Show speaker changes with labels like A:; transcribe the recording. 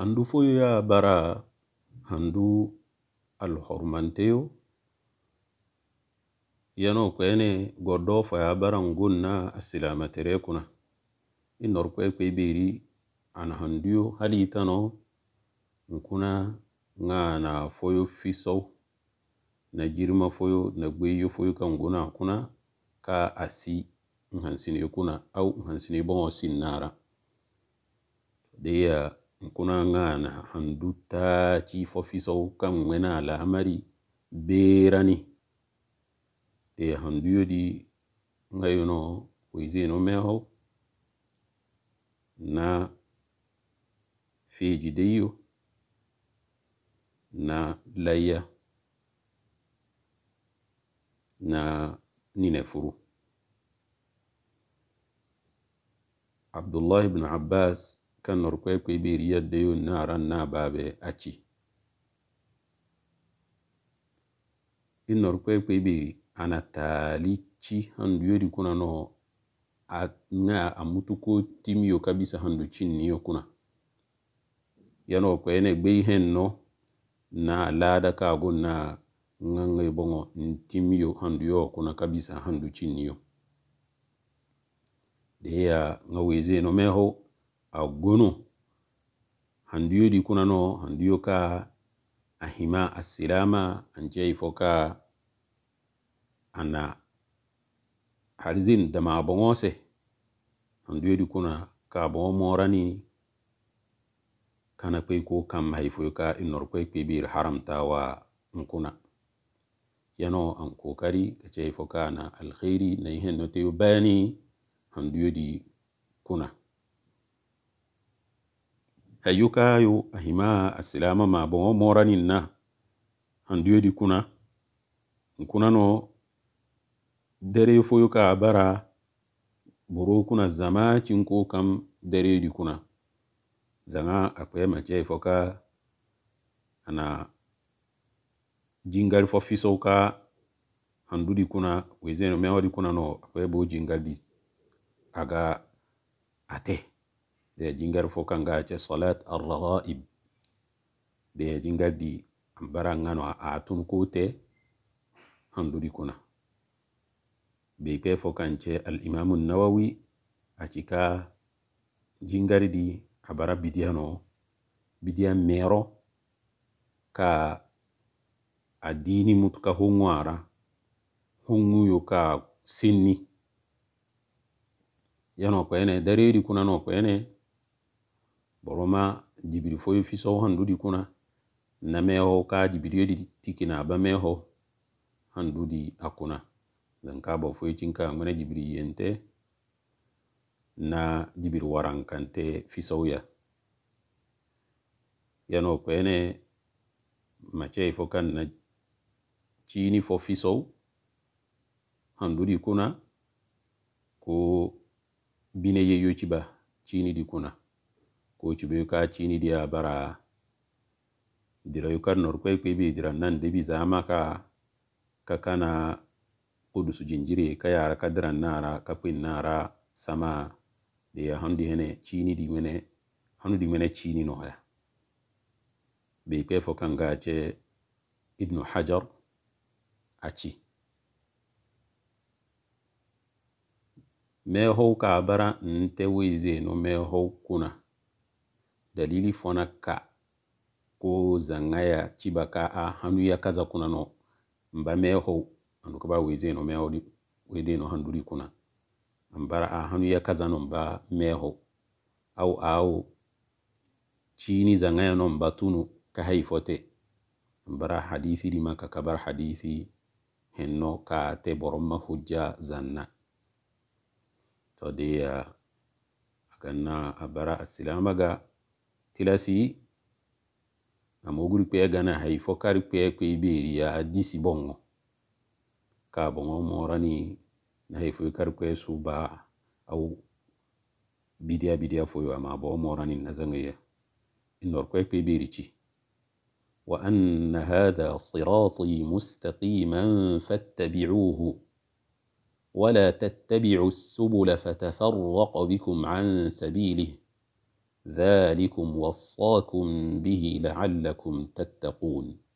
A: handu foyo ya bara handu alhormanteyo yano kwene goddo fo ya bara gunna asilamatere kuna inor kwe kwe beri an handuyo hali itano nkuna na foyo fiso na girma foyo na gweyo foyo kan guna kuna ka asi nhansine kuna au nhansine bon sin nara nkuna ngana handu taaci fo fisow kaŋ la amari berani te handu yodi ŋayuno no mehow na feji deyo na laya na nine furu abdullah ibn abbas ka kanor kwekwe ya deyo naran na babe aci inor kwekwe be chi handu yodi kuna no nga amutu ko timiyo kabisa handu chiniyo kuna yano kwene gbei hen no na lada kago na nganga bongo ntimiyo handu yo kuna kabisa handu chiniyo deya nga weze no meho a gono handuyo di kuna no handuyo ka a hima a sirama anje ifo ka ana harzin da ma bon wose handuyo di kuna ka bon morani kana pe ko kam hay fo ka inor pe pe bir haram ta wa nkuna yano an kokari ka ce ifo ka na alkhairi na yihen no te bayani handuyo di kuna hayukayo ahima asilama ma bongo moranin na handuyo di kuna nkuna no dere foyo ka bara buru kuna zama cinko kam dere di kuna zanga akwe mace foka ana jingal fo fisoka ka handu di kuna wezeno mewa di kuna no akwe bo jingal di aga ate de jingar fo kanga ce salat alraaib de jingar di bara ngano a atun kote handuri kuna be pe fo kance al imam nawawi a cika jingar di a bara bidiyano bidiya mero ka adini mutuka hungu ara hungu yu ka sinni yano ko ene dareri kuna no ko ene boroma jibiri foyo fiso di kuna meho ka jibiri yodi meho handu di akuna zanka bo foyo cinka ngone jibiri yente na jibiri warankante ya yano kwene mace fo kan na cini fo handu di kuna ko bine yeyo chiba chini di kuna kocu ɓe ka cini ɗi a bara dira yukar norkoy ko ɓe dira nan de bi zama ka ka kana kudu su jinjiri ka yara ka dira nara ka pin nara sama de ya handi hene cini di mene hanu di mene cini no ya be pe fo kan ga che ibnu hajar achi me ho ka bara nte wi ze no me ho kuna dalili fɔna ka ko zangaya ciba ka a hannu ya kaza kuna no mba meho anu ka ba weze no ho di wede no handuri kuna ambara a hannu ya kaza no mba ho au au chini ni zangaya no mba tunu ka haifote mbara hadithi di maka kabar hadithi henno ka te boroma hujja zanna to de uh, akanna abara asilamaga kilasi amoguri kpe gana hai fokari pe pe ibiri ya disi bongo ka bongo morani na hay fo pe kpe suba au bidia bidia fo yo ma bo morani na zangiya inor ko pe ibiri chi ci وأن هذا صراطي مستقيما فاتبعوه ولا تتبعوا السبل فتفرق بكم عن سبيله ذلكم وصاكم به لعلكم تتقون